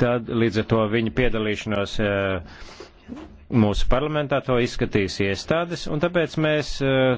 tad līdz ar to viņa piedalīšanos eh, mūsu parlamentā to izskatīs iestādes, un tāpēc mēs eh,